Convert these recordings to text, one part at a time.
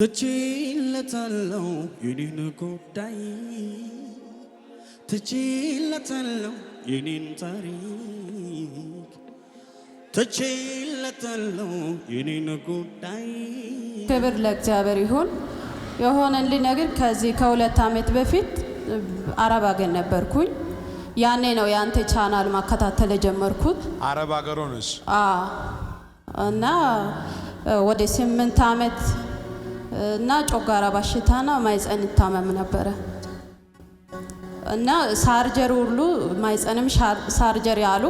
ትችለታለው የኔን ጉዳይ ትችለታለው የኔን ታሪክ ትችለታለው የኔን ጉዳይ። ክብር ለእግዚአብሔር ይሁን። የሆነልኝ ነገር ከዚህ ከሁለት ዓመት በፊት አረብ አገር ነበርኩኝ። ያኔ ነው የአንተ ቻናል ማከታተል የጀመርኩት። አረብ አገር እና ወደ ስምንት ዓመት እና ጮጋራ በሽታና ማይፀን ይታመም ነበረ እና ሳርጀር ሁሉ ማይፀንም ሳርጀር ያሉ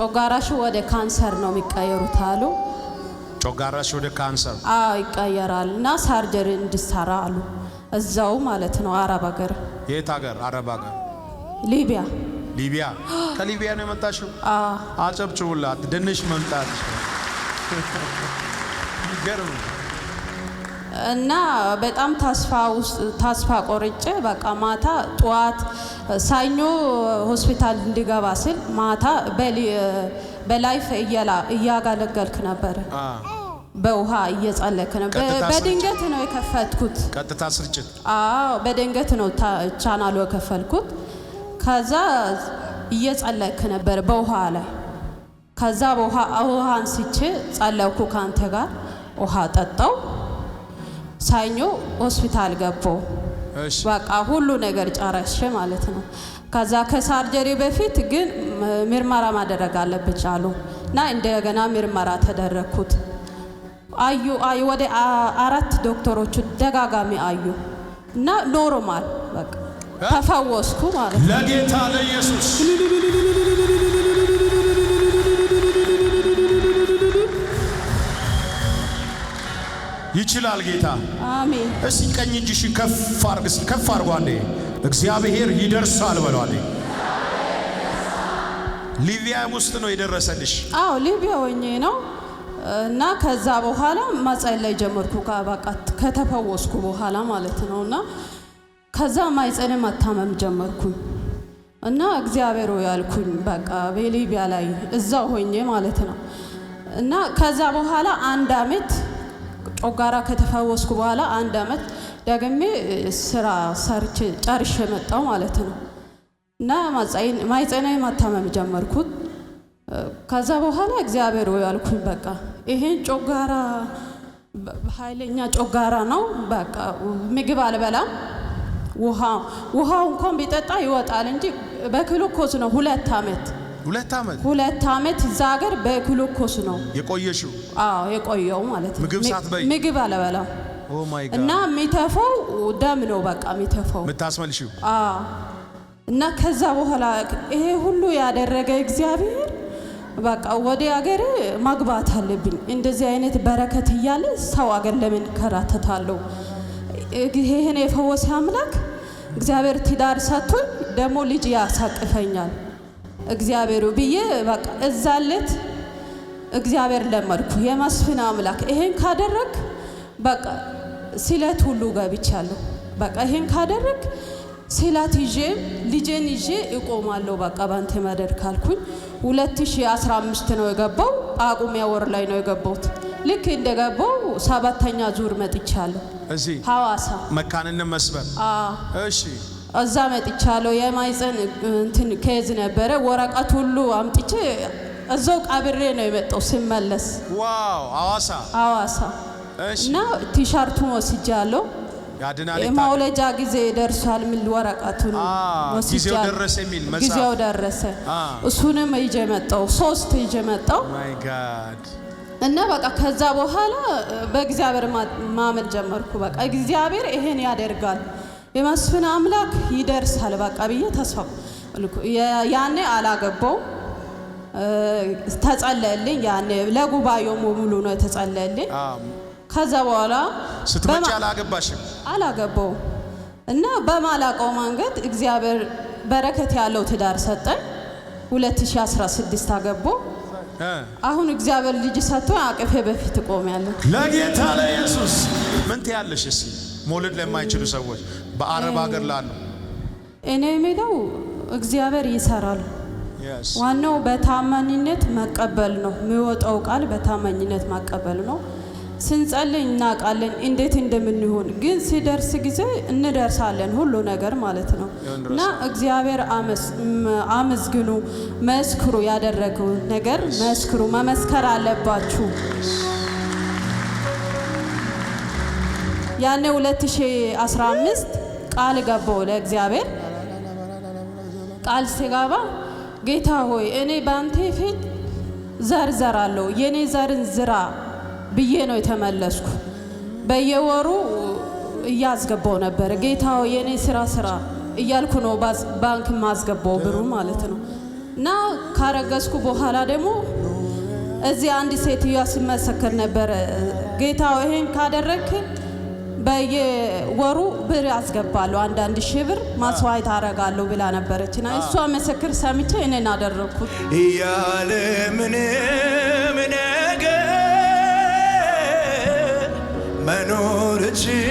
ጮጋራሽ ወደ ካንሰር ነው የሚቀየሩት አሉ። ጮጋራሽ ወደ ካንሰር ይቀየራል እና ሳርጀር እንድሰራ አሉ። እዛው ማለት ነው አረብ ሀገር። የት ሀገር? አረብ ሀገር ሊቢያ። ሊቢያ ከሊቢያ ነው የመጣሽው? አጨብጭቡላት። ድንሽ መምጣት ይገርም እና በጣም ተስፋ ውስጥ ተስፋ ቆርጬ በቃ ማታ ጠዋት ሰኞ ሆስፒታል እንዲገባ ስል ማታ በላይፍ እያገለገልክ ነበር። በውሃ እየጸለክ ነው። በድንገት ነው የከፈትኩት። ቀጥታ ስርጭት። አዎ በድንገት ነው ቻናሉ የከፈልኩት። ከዛ እየጸለክ ነበር በውሃ ላይ። ከዛ በውሃ አንስቼ ጸለኩ ካንተ ጋር ውሃ ጠጣው። ሰኞ ሆስፒታል ገቦ በቃ ሁሉ ነገር ጨረሽ ማለት ነው። ከዛ ከሳርጀሪ በፊት ግን ምርመራ ማደረግ አለብች አሉ እና እንደገና ምርመራ ተደረግኩት። አዩ አዩ ወደ አራት ዶክተሮቹ ደጋጋሚ አዩ እና ኖርማል በቃ ተፈወስኩ ማለት ነው ለጌታ ለኢየሱስ ይችላል ጌታ። አሜን። እስቲ ቀኝ እጅሽን ከፍ አርግስ ከፍ አርጓ። አንዴ እግዚአብሔር ይደርሳል በሏ። ሊቢያ ውስጥ ነው የደረሰልሽ? አዎ ሊቢያ ሆኜ ነው እና ከዛ በኋላ ማጸል ላይ ጀመርኩ ከአባቃት ከተፈወስኩ በኋላ ማለት ነው። እና ከዛ ማይጸን መታመም ጀመርኩኝ እና እግዚአብሔር ያልኩኝ በቃ በሊቢያ ላይ እዛ ሆኜ ማለት ነው። እና ከዛ በኋላ አንድ አመት ጮጋራ ከተፈወስኩ በኋላ አንድ አመት ደግሜ ስራ ሰርቼ ጨርሼ መጣው ማለት ነው። እና ማይጸናዊ ማታመም ጀመርኩት። ከዛ በኋላ እግዚአብሔር ወይ አልኩኝ፣ በቃ ይሄን ጮጋራ ኃይለኛ ጮጋራ ነው። በቃ ምግብ አልበላም። ውሃ ውሃ እንኳን ቢጠጣ ይወጣል እንጂ በክሉኮስ ነው ሁለት አመት ሁለት ዓመት ሁለት ዓመት እዛ ሀገር በግሉኮስ ነው የቆየሽው? አዎ የቆየው ማለት ነው። ምግብ ሳትበይ ምግብ አለበላ እና የሚተፈው ደም ነው በቃ የሚተፈው የምታስመልሽው። አዎ እና ከዛ በኋላ ይሄ ሁሉ ያደረገ እግዚአብሔር በቃ ወደ ሀገር ማግባት አለብኝ። እንደዚህ አይነት በረከት እያለ ሰው ሀገር ለምን ከራተታለሁ? ይሄን የፈወሰ አምላክ እግዚአብሔር ትዳር ሰጥቶኝ ደግሞ ልጅ ያሳቅፈኛል። እግዚአብሔሩ ብዬ በቃ እዛለት እግዚአብሔር ለመድኩ። የመስፍን አምላክ ይሄን ካደረግ በቃ ስለት ሁሉ ገብቻለሁ። በቃ ይሄን ካደረግ ስላት ይዤ ልጄን ይዤ እቆማለሁ። በቃ ባንተ መደድ ካልኩኝ 2015 ነው የገባው። ጳጉሜ ወር ላይ ነው የገባሁት። ልክ እንደገባው ሰባተኛ ዙር መጥቻለሁ እዚህ ሐዋሳ መካንንም መስበር። እሺ እዛ መጥቻለሁ። የማይፀን እንትን ኬዝ ነበረ። ወረቀት ሁሉ አምጥቼ እዛው ቀብሬ ነው የመጣው ስመለስ። ዋው አዋሳ አዋሳ እና ቲሸርቱን ወስጃለሁ። የማውለጃ ጊዜ ደርሷል የሚል ወረቀቱን ወስጃለሁ። ጊዜው ደረሰ። እሱንም ይዤ መጣሁ። ሶስት ይዤ መጣሁ እና በቃ ከዛ በኋላ በእግዚአብሔር ማመን ጀመርኩ። በቃ እግዚአብሔር ይሄን ያደርጋል የመስፍን አምላክ ይደርሳል በቃ ብዬ ተስፋ ያኔ አላገባው ተጸለልኝ ያኔ ለጉባኤው ሙሉ ነው የተጸለየልኝ። ከዛ በኋላ ስትመጪ አላገባሽም? አላገባው እና በማላቀው መንገድ እግዚአብሔር በረከት ያለው ትዳር ሰጠኝ። 2016 አገቦ አሁን እግዚአብሔር ልጅ ሰጥቶ አቅፌ በፊት ቆሜያለሁ። ለጌታ ለኢየሱስ ምን ትያለሽ? መውለድ ለማይችሉ ሰዎች በአረብ ሀገር ላሉ እኔ የሚለው እግዚአብሔር ይሰራል። ዋናው በታማኝነት መቀበል ነው። የሚወጣው ቃል በታማኝነት መቀበል ነው። ስንጸልይ እናውቃለን እንዴት እንደምንሆን፣ ግን ሲደርስ ጊዜ እንደርሳለን ሁሉ ነገር ማለት ነው። እና እግዚአብሔር አመስግኑ፣ መስክሩ፣ ያደረገው ነገር መስክሩ፣ መመስከር አለባችሁ። ያኔ 2015 ቃል ገባው ለእግዚአብሔር ቃል ሲገባ ጌታ ሆይ እኔ በአንተ ፊት ዘርዘራለሁ ዘራለሁ የእኔ ዘርን ዝራ ብዬ ነው የተመለስኩ። በየወሩ እያስገባው ነበር። ጌታ ሆይ የእኔ ስራ ስራ እያልኩ ነው ባንክ ማስገባው ብሩ ማለት ነው። እና ካረገዝኩ በኋላ ደግሞ እዚህ አንድ ሴትዮዋ ስመሰክር ነበር ጌታ ይሄን ካደረግክ በየወሩ ብር አስገባለሁ አንዳንድ ሺህ ብር ማስዋዕት አረጋለሁ ብላ ነበረች እና እሷ መሰክር ሰምቼ እኔን አደረግኩት እያለ ምንም ነገር መኖር እችላለሁ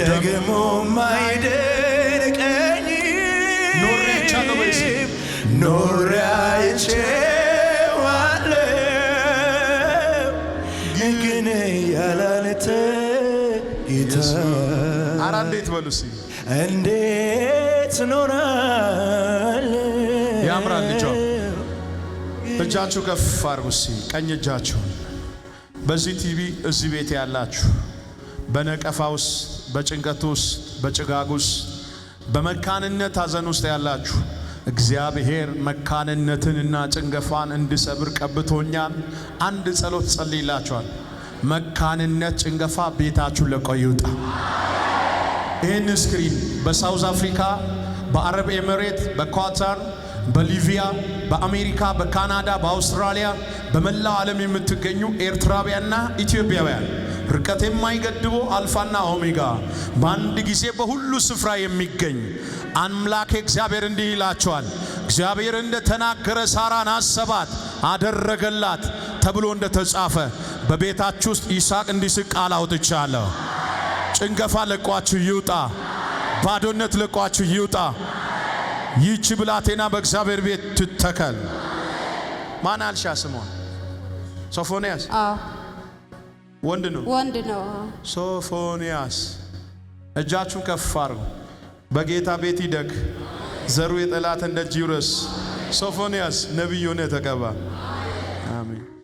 ደግሞ ማይደንቀኝ ኖሬ አይቼ ጌታ አራ እንዴት በሉስ እንዴት ኖራል ያምራል። ልጇ እጃችሁ ከፍ አድርጉ ቀኝ እጃችሁ በዚህ ቲቪ እዚህ ቤት ያላችሁ በነቀፋ ውስጥ፣ በጭንቀት ውስጥ፣ በጭጋግ ውስጥ፣ በመካንነት ሀዘን ውስጥ ያላችሁ እግዚአብሔር መካንነትንና ጭንገፋን እንድሰብር ቀብቶኛል። አንድ ጸሎት ጸልይላችኋል። መካንነት ጭንገፋ ቤታችሁ ለቆ ይውጣ። ይህን ስክሪን በሳውዝ አፍሪካ፣ በአረብ ኤምሬት፣ በኳታር፣ በሊቪያ በአሜሪካ፣ በካናዳ፣ በአውስትራሊያ፣ በመላው ዓለም የምትገኙ ኤርትራውያንና ኢትዮጵያውያን ርቀት የማይገድቦ አልፋና ኦሜጋ በአንድ ጊዜ በሁሉ ስፍራ የሚገኝ አምላክ እግዚአብሔር እንዲህ ይላቸዋል። እግዚአብሔር እንደ ተናገረ ሳራን አሰባት አደረገላት ተብሎ እንደ ተጻፈ በቤታችሁ ውስጥ ይስሐቅ እንዲስቅ ቃል አውጥቻለሁ። ጭንገፋ ለቋችሁ ይውጣ፣ ባዶነት ለቋችሁ ይውጣ። ይህቺ ብላቴና በእግዚአብሔር ቤት ትተከል። ማን አልሻ? ስሟን ሶፎንያስ። ወንድ ነው ወንድ ነው። ሶፎንያስ እጃችሁን ከፍ አርጉ። በጌታ ቤት ይደግ ዘሩ የጠላትን ደጅ ይውረስ። ሶፎንያስ ነቢይ ሆነ ተቀባ።